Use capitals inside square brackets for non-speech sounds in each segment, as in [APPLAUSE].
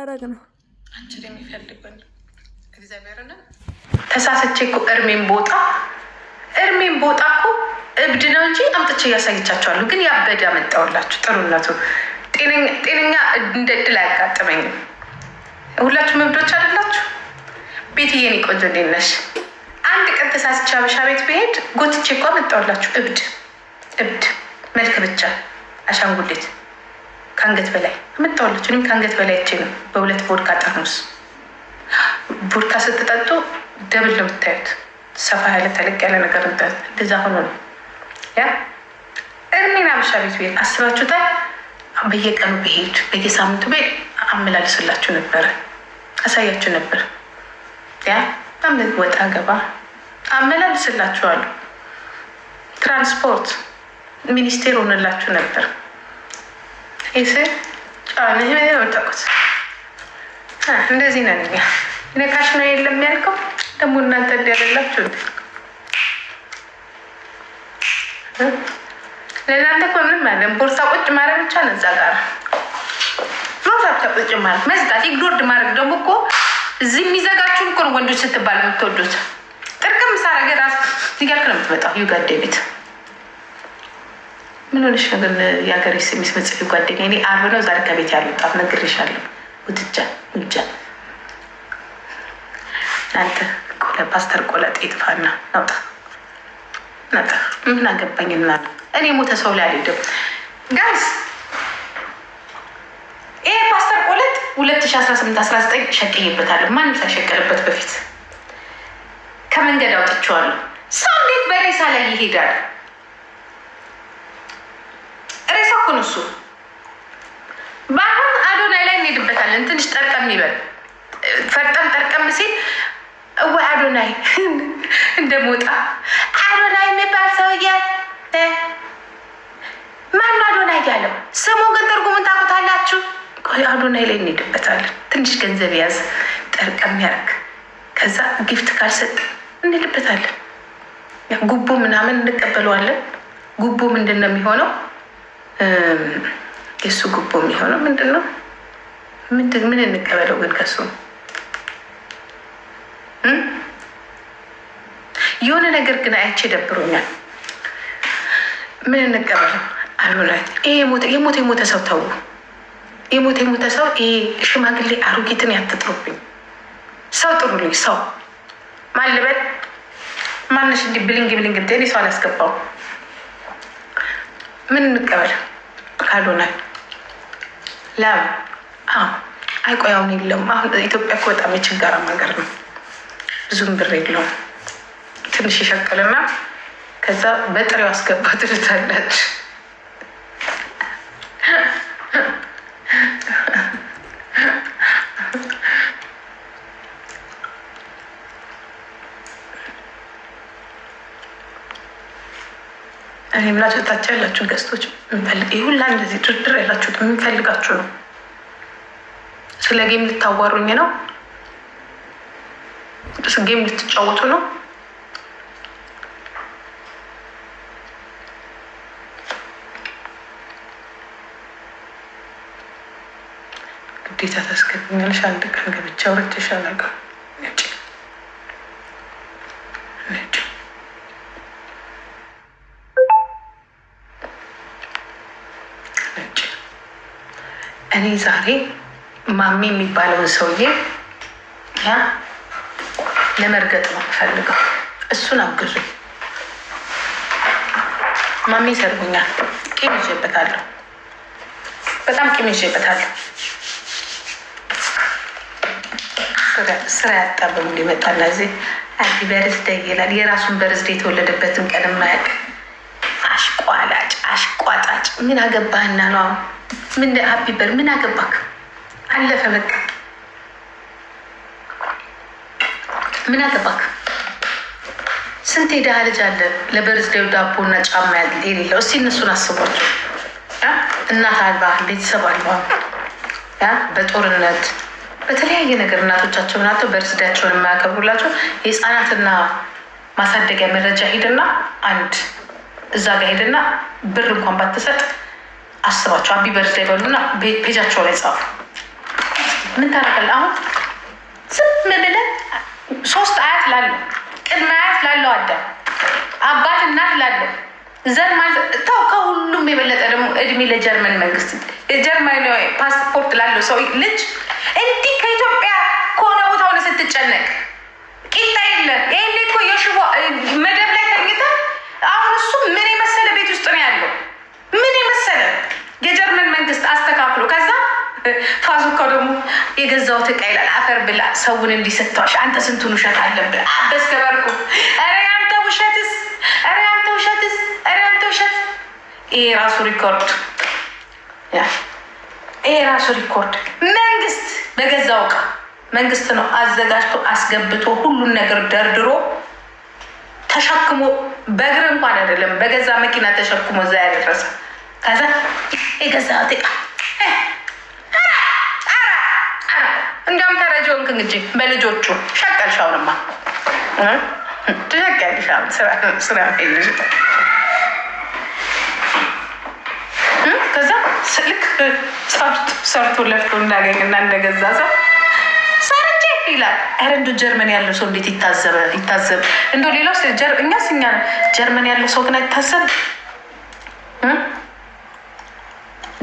ያረግ ነው አንቺን የሚፈልግን እግዚአብሔርን ተሳሰቼ እኮ እርሜን ቦጣ እርሜን ቦጣ እኮ እብድ ነው እንጂ አምጥቼ እያሳይቻቸዋለሁ። ግን ያበደ አመጣሁላችሁ። ጥሩነቱ ጤነኛ እንደ እድል አያጋጥመኝም። ሁላችሁም እብዶች አይደላችሁ። ቤትዬ የኔ ቆንጆ እንዴት ነሽ? አንድ ቀን ተሳስቼ አበሻ ቤት ብሄድ ጎትቼ እኮ አመጣሁላችሁ። እብድ እብድ መልክ ብቻ አሻንጉሊት ከአንገት በላይ የምታወለች ወይም ከአንገት በላይ ች ነው። በሁለት ቦድካ ጠርሙስ ቦድካ ስትጠጡ ደብል ነው የምታዩት። ሰፋ ያለ ተለቅ ያለ ነገር ምታዩት። እንደዛ ሆኖ ነው ያ እኔን አበሻ ቤት ቤት አስባችሁታል። በየቀኑ ብሄድ በየሳምንቱ ቤት አመላልስላችሁ ነበረ፣ አሳያችሁ ነበር። ያ በምን ወጣ ገባ አመላልስላችኋለሁ። ትራንስፖርት ሚኒስቴር ሆነላችሁ ነበር። እንደዚህ ነን እኛ። ነካሽ ነው የለም ያልከው ደግሞ እናንተ እንዲያደላችሁ ለእናንተ እኮ ምንም አይደለም። ቦርሳ ቁጭ ማድረግ ብቻ ነው እዛ ጋር ቦርሳ ቁጭ ማድረግ መዝጋት፣ ኢግኖርድ ማድረግ ደግሞ እኮ እዚህ የሚዘጋችሁን እኮ ወንዶች ስትባል የምትወዱት። ጥርቅም ሳረገ ራስ እዚህ ነው የምትመጣው ዩጋዴ ቤት ምን ሆነሽ ነው ግን የሀገርሽ ስም የምትጽፊው? ጓደኛ እኔ አርብ ነው ዛሬ ከቤት ያልወጣት ነግሬሻለሁ። ውትጃ ውጃ አንተ ቆለ ፓስተር ቆለ ጤጥፋና ነውጣ ነውጣ ምን አገባኝ አገባኝና እኔ ሞተ ሰው ላይ አልሄድም። ጋይስ ይሄ ፓስተር ቆለት ሁለት ሺ አስራ ስምንት አስራ ዘጠኝ ሸቅዬበታለሁ። ማንም ሳይሸቀልበት በፊት ከመንገድ አውጥቼዋለሁ። ሰው እንዴት በሬሳ ላይ ይሄዳል? ነው እሱ። በአሁን አዶናይ ላይ እንሄድበታለን። ትንሽ ጠርቀም ይበል ፈርጠም ጠርቀም ሲል እወ አዶናይ [LAUGHS] እንደ ሞጣ አዶናይ የሚባል ሰውዬ ማኑ አዶናይ ያለው ስሙ ግን ትርጉሙን ታውቁታላችሁ። አዶናይ ላይ እንሄድበታለን። ትንሽ ገንዘብ ያዝ ጠርቀም ያርግ ከዛ ጊፍት ካልሰጥ እንሄድበታለን። ጉቦ ምናምን እንቀበለዋለን። ጉቦ ምንድን ነው የሚሆነው? የእሱ ጉቦ የሚሆነው ምንድን ነው? ምን እንቀበለው ግን ከሱ የሆነ ነገር ግን አያቼ ደብሮኛል። ምን እንቀበለው አሉላት። ይሄ የሞተ የሞተ ሰው ተው፣ የሞተ የሞተ ሰው ይሄ ሽማግሌ አሮጊትን ያትጥሩብኝ። ሰው ጥሩልኝ። ሰው ማልበል ማነሽ? እንዲህ ብልንግ ብልንግ ብትሄድ ሰው አላስገባው። ምን እንቀበለው? አዶናይ ላብ አይቆያውን የለም። አሁን ኢትዮጵያ እኮ በጣም የችጋራም ሀገር ነው። ብዙም ብር የለውም። ትንሽ ይሸቅልና ከዛ በጥሬው አስገባ ትልታለች። እኔ ብላችሁ ታች ያላችሁ ገዝቶች ይህ ሁላ እንደዚህ ድርድር ያላችሁት ምን ነው? ስለ ጌም ልታዋሩኝ ነው? ጌም ልትጫወቱ ነው? ግዴታ ታስገብኛለሽ። አንድ ቀን ገብቼ አውርቼ እኔ ዛሬ ማሚ የሚባለውን ሰውዬ ያ ለመርገጥ ነው ፈልገው፣ እሱን አግዙ። ማሚ ሰርጉኛል፣ ቂም ይዤበታለሁ፣ በጣም ቂም ይዤበታለሁ። ስራ ያጣበሙ ሊመጣና እዚህ አዲ በርዝደ ይላል። የራሱን በርዝደ የተወለደበትን ቀን ማያውቅ አሽቋላጭ አሽቋጣጭ ምን አገባህና ነው አሁን ምን ሀፒ በር ምን አገባክ? አለፈ በቃ ምን አገባክ? ስንት የድሃ ልጅ አለ ለበርዝዴው ዳቦና ጫማ የሌለው። እስቲ እነሱን አስቧቸው። እናት አልባ ቤተሰብ አልባ በጦርነት በተለያየ ነገር እናቶቻቸው አተው በርዝዳቸውን የማያከብሩላቸው የህፃናትና ማሳደጊያ መረጃ ሄደና አንድ እዛ ጋር ሄደና ብር እንኳን ባትሰጥ አስባቸው ሀፒ በርዝዴ በሉና ፔጃቸው ላይ ጻፉ። ምን ታደርጋለህ አሁን? ዝም ብለህ ሶስት አያት ላለው ቅድመ አያት ላለው አዳም አባት እናት ላለው ዘር ማተው ከሁሉም የበለጠ ደግሞ እድሜ ለጀርመን መንግስት ጀርመን ፓስፖርት ላለው ሰው ልጅ እንዲህ ከኢትዮጵያ ከሆነ ቦታ ሆነ ስትጨነቅ ቂጣ የለ ይሄ እኮ የሽቦ መደብ ላይ ተኝተህ አሁን እሱ ምን የመሰለ ቤት ውስጥ ነው ያለው ምን የመሰለ የጀርመን መንግስት አስተካክሎ ከዛ ፋዙካ ደግሞ የገዛው ዕቃ ይላል። አፈር ብላ ሰውን እንዲሰጥተዋሽ አንተ ስንቱን ውሸት አለን ብላ አበስ ከበርኩ ኧረ አንተ ውሸትስ! ኧረ አንተ ውሸትስ! ኧረ አንተ ውሸት! ይሄ ራሱ ሪኮርድ፣ ይሄ ራሱ ሪኮርድ። መንግስት በገዛው ዕቃ መንግስት ነው አዘጋጅቶ አስገብቶ ሁሉን ነገር ደርድሮ ተሸክሞ በእግር እንኳን አይደለም በገዛ መኪና ተሸክሞ እዛ ያደረሰ ከዛ የገዛት እቃ እንዲያውም ተረጂውን እንጂ በልጆቹ ሸቀልሻውንማ ትሸቀልሻውን ስራ ከዛ ስልክ ሰርቶ ለፍቶ እንዳገኝና እንደገዛ ሰው ሰርቼ ይላል። እንዶ ጀርመን ያለው ሰው እንዴት ይታዘበ ይታዘብ እንዶ ሌላው እኛስ እኛ ጀርመን ያለው ሰው ግን አይታዘብ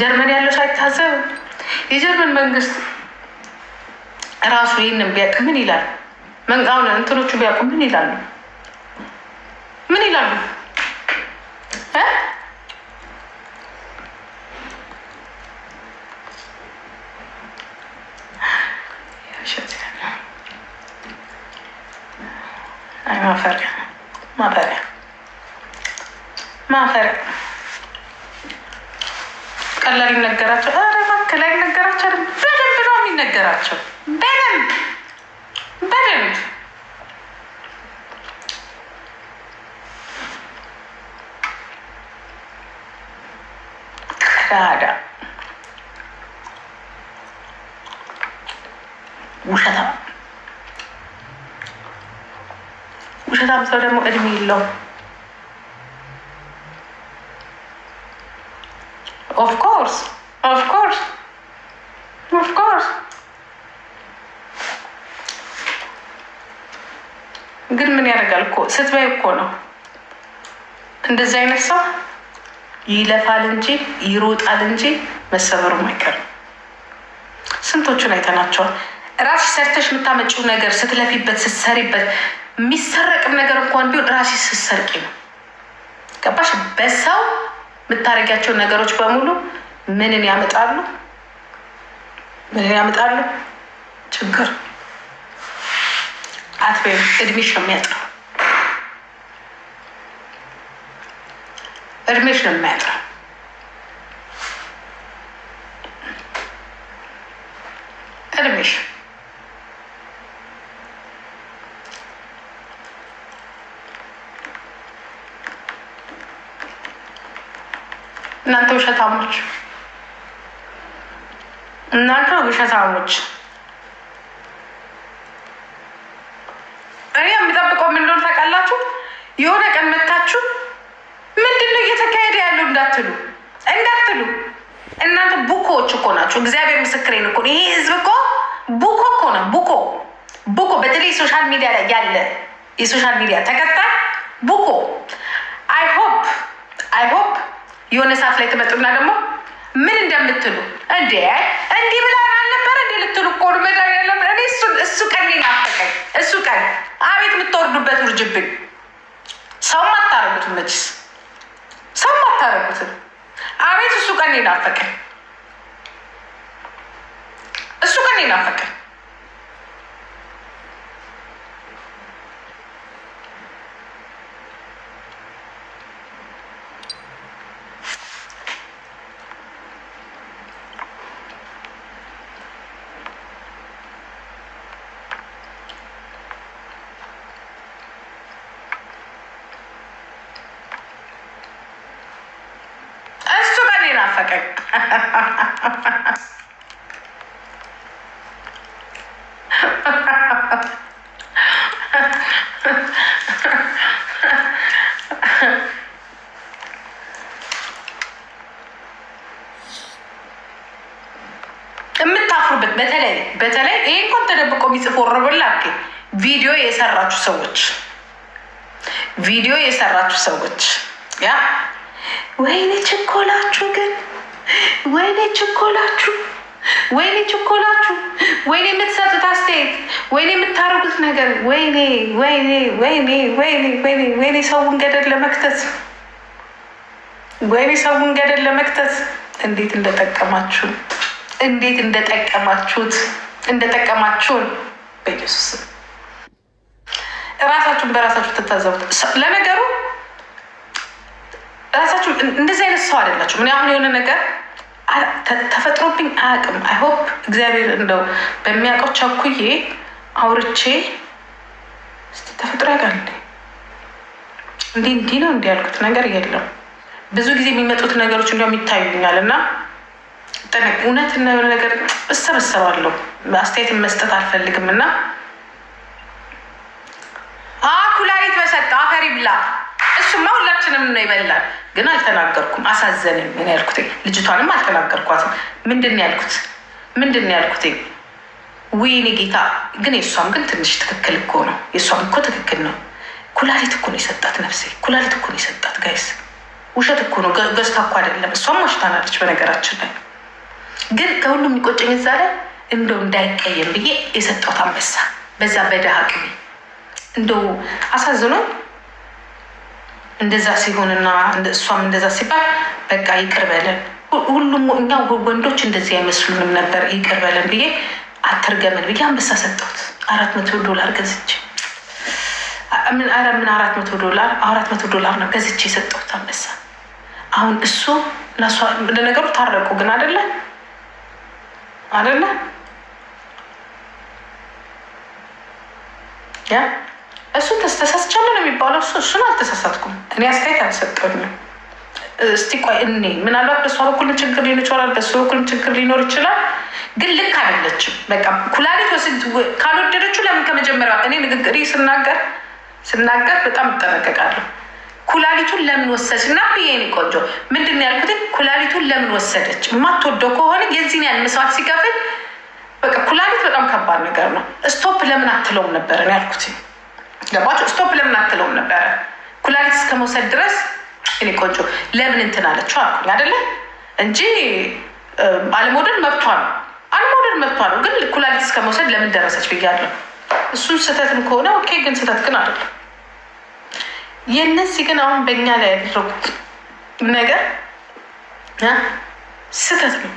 ጀርመን ያለው ሳይታዘብ የጀርመን መንግስት ራሱ ይህንን ቢያውቅ ምን ይላል? መንቃውን እንትኖቹ ቢያውቁ ምን ይላሉ? ምን ይላሉ? ማፈሪያ ማፈሪያ ማፈሪያ ቀላል ይነገራቸው ከላይ ይነገራቸው በደንብ ነው የሚነገራቸው። በደንብ በደንብ ከዳ ውሸታም ውሸታም ሰው ደግሞ እድሜ የለውም። Of course, of course, of course። ግን ምን ያደርጋል እኮ ስትበይ እኮ ነው እንደዚህ አይነት ሰው ይለፋል እንጂ ይሮጣል እንጂ መሰበሩ አይቀርም። ስንቶቹን አይተናቸዋል። ራስሽ ሰርተሽ የምታመጪው ነገር ስትለፊበት ስትሰሪበት የሚሰረቅም ነገር እንኳን ቢሆን ራስሽ ስትሰርቂ ነው። ገባሽ በሰው የምታደርጊያቸው ነገሮች በሙሉ ምንን ያመጣሉ? ምንን ያመጣሉ? ችግር አትበይም። እድሜሽ ነው የሚያጥረው፣ እድሜሽ ነው የሚያጥረው። እድሜሽ እናንተ ውሸታሞች፣ እናንተ ውሸታሞች። እኔ የሚጠብቀው ምን እንደሆነ ታውቃላችሁ? የሆነ ቀን መታችሁ ምንድን ነው እየተካሄደ ያለው እንዳትሉ እንዳትሉ። እናንተ ቡኮዎች እኮ ናችሁ። እግዚአብሔር ምስክሬን እኮ ይሄ ህዝብ እኮ ቡኮ እኮ ነው። ቡኮ ቡኮ፣ በተለይ ሶሻል ሚዲያ ላይ ያለ የሶሻል ሚዲያ ተከታይ ቡኮ። አይ ሆፕ አይ ሆፕ የሆነ ሰዓት ላይ ትመጡና ደግሞ ምን እንደምትሉ እንዴ እንዲህ ብላን አልነበረ እንዴ ልትሉ ቆዱ መዳር ያለም ያለ እሱ ቀን ናፈቀኝ። እሱ ቀን አቤት የምትወርዱበት ውርጅብኝ። ሰው አታረጉትም፣ መችስ ሰው አታረጉትም። አቤት እሱ ቀን ናፈቀኝ። እሱ ቀን ናፈቀኝ። ፈቀቅ የምታፍሩበት በተለይ በተለይ ይህ እንኳን ተደብቆ የሚጽፉ ወረበላ ቪዲዮ የሰራችሁ ሰዎች ቪዲዮ የሰራችሁ ሰዎች ያ ወይኔ ችኮላችሁ ግን ወይኔ ችኮላችሁ ወይኔ ችኮላችሁ ወይኔ የምትሰጡት አስተያየት ወይኔ የምታደርጉት ነገር ወይኔ ወይኔ ወይኔ ወይኔ ወይኔ ወይኔ ሰውን ገደል ለመክተት ወይኔ ሰውን ገደል ለመክተት እንዴት እንደጠቀማችሁ እንዴት እንደጠቀማችሁት እንደጠቀማችሁን በኢየሱስ እራሳችሁን በራሳችሁ ትታዘቡት። ለነገሩ ራሳችሁ እንደዚህ አይነት ሰው አይደላችሁ። ምን አሁን የሆነ ነገር ተፈጥሮብኝ አያውቅም። አይሆፕ እግዚአብሔር እንደው በሚያውቀው ቸኩዬ አውርቼ እስኪ ተፈጥሮ ያውቃል እንዴ እንዲ ነው እንዲህ ያልኩት ነገር የለም። ብዙ ጊዜ የሚመጡት ነገሮች እንዲያውም ይታዩኛል እና እውነት እና የሆነ ነገር እሰበሰባለሁ። አስተያየትን መስጠት አልፈልግም እና አኩላሪት በሰጠ አፈሪ ብላ እሱማ ሁላችንም ነው ይበላል። ግን አልተናገርኩም። አሳዘነኝ። ምን ያልኩት ልጅቷንም አልተናገርኳትም። ምንድን ያልኩት ምንድን ያልኩት ወይኔ ጌታ። ግን የእሷም ግን ትንሽ ትክክል እኮ ነው። የእሷም እኮ ትክክል ነው። ኩላሊት እኮ ነው የሰጣት ነፍሴ። ኩላሊት እኮ ነው የሰጣት ጋይስ። ውሸት እኮ ነው። ገዝታ እኮ አይደለም። እሷም ማሽታናለች በነገራችን ላይ። ግን ከሁሉም የሚቆጨኝ እዛ ላይ እንደው እንዳይቀየም ብዬ የሰጠሁት አንበሳ በዛ በደሃ ቅቤ እንደው አሳዝኖ እንደዛ ሲሆንና እሷም እንደዛ ሲባል በቃ ይቅር በለን ሁሉም እኛ ወንዶች እንደዚህ አይመስሉንም ነበር ይቅር በለን ብዬ አትርገምን ብዬ አንበሳ ሰጠሁት። አራት መቶ ዶላር ገዝቼ ምን ኧረ ምን አራት መቶ ዶላር አራት መቶ ዶላር ነው ገዝቼ የሰጠሁት አንበሳ። አሁን እሱ ለነገሩ ታረቁ ግን አደለ አደለ እሱ ተስተሳስቻ እሱ እሱን አልተሳሳትኩም። እኔ አስተያየት አልሰጠኝም። እስቲ ቆይ እኔ ምናልባት በሷ በኩልም ችግር ሊኖር ይችላል፣ በሱ በኩልም ችግር ሊኖር ይችላል። ግን ልክ አይደለችም። በቃ ኩላሊት ወስድ ካልወደደችው ለምን ከመጀመሪያ እኔ ንግግር ስናገር ስናገር በጣም እጠነቀቃለሁ። ኩላሊቱን ለምን ወሰደች እና ብዬኔ ቆንጆ ምንድን ያልኩት? ኩላሊቱን ለምን ወሰደች የማትወደው ከሆነ የዚህን ያህል መስዋዕት ሲከፍል በቃ ኩላሊት በጣም ከባድ ነገር ነው። ስቶፕ ለምን አትለውም ነበረን ያልኩት ገባችሁ ስቶፕ ለምን አትለውም ነበረ? ኩላሊት እስከ መውሰድ ድረስ እኔ ቆንጆ ለምን እንትን አለችው አልኩኝ አይደለ እንጂ አለመውደድ መብቷ ነው። አለመውደድ መብቷ ነው፣ ግን ኩላሊት እስከ መውሰድ ለምን ደረሰች ብያለሁ። እሱን ስህተትም ከሆነ ኦኬ፣ ግን ስህተት ግን አይደለም። የእነዚህ ግን አሁን በእኛ ላይ ያደረጉት ነገር ስህተት ነው።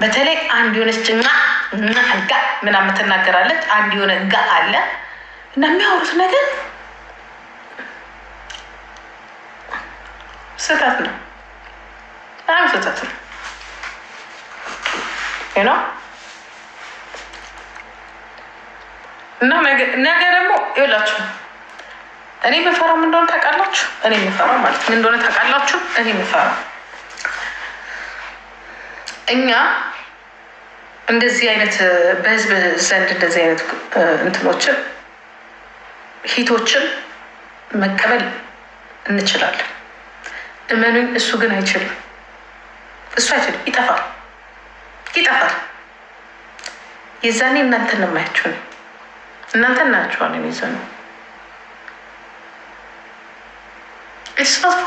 በተለይ አንድ የሆነች እና እና ጋ ምናምን ትናገራለች። አንድ የሆነ ጋ አለ እና የሚያወሩት ነገር ስህተት ነው፣ በጣም ስህተት ነው ነው እና ነገ ደግሞ ይላችሁ እኔ የምፈራው ምን እንደሆነ ታውቃላችሁ? እኔ የምፈራው ማለት ምን እንደሆነ ታውቃላችሁ? እኔ የምፈራው እኛ እንደዚህ አይነት በህዝብ ዘንድ እንደዚህ አይነት እንትኖችን ሂቶችን መቀበል እንችላለን። እመኑኝ፣ እሱ ግን አይችልም። እሱ አይችልም። ይጠፋል፣ ይጠፋል። የዛኔ እናንተን የማያችሁ ነው። እናንተን ናችኋል የሚዘ ነው ስፋ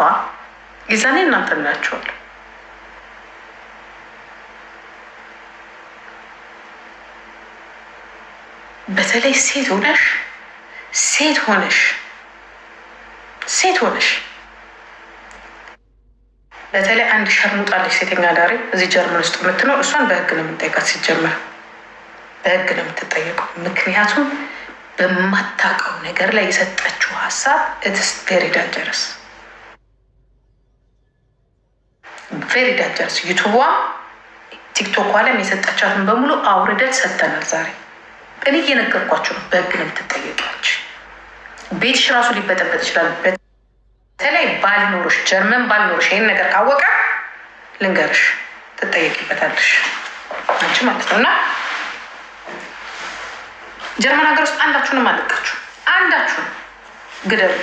የዛኔ እናንተን ናችኋል። በተለይ ሴት ሆነሽ ሴት ሆነሽ ሴት ሆነሽ በተለይ አንድ ሸርሙጣለች ሴተኛ አዳሪ እዚህ ጀርመን ውስጥ የምትኖር እሷን በህግ ነው የምንጠይቃት። ሲጀመር በህግ ነው የምትጠየቀው። ምክንያቱም በማታውቀው ነገር ላይ የሰጠችው ሀሳብ ኢትስ ቬሪ ዳንጀረስ ቬሪ ዳንጀረስ። ዩቱቧ ቲክቶክ ላይም የሰጠቻትን በሙሉ አውርደን ሰጥተናል ዛሬ እኔ እየነገርኳቸው ነው። በህግ ነው የምትጠየቂያቸው። ቤትሽ ራሱ ሊበጠበጥ ይችላል። በተለይ ባልኖርሽ፣ ጀርመን ባልኖርሽ፣ ይህን ነገር ካወቀ ልንገርሽ፣ ትጠየቂበታለሽ አንቺ ማለት ነው። እና ጀርመን ሀገር ውስጥ አንዳችሁንም አለቃችሁ አንዳችሁን ግደሉ።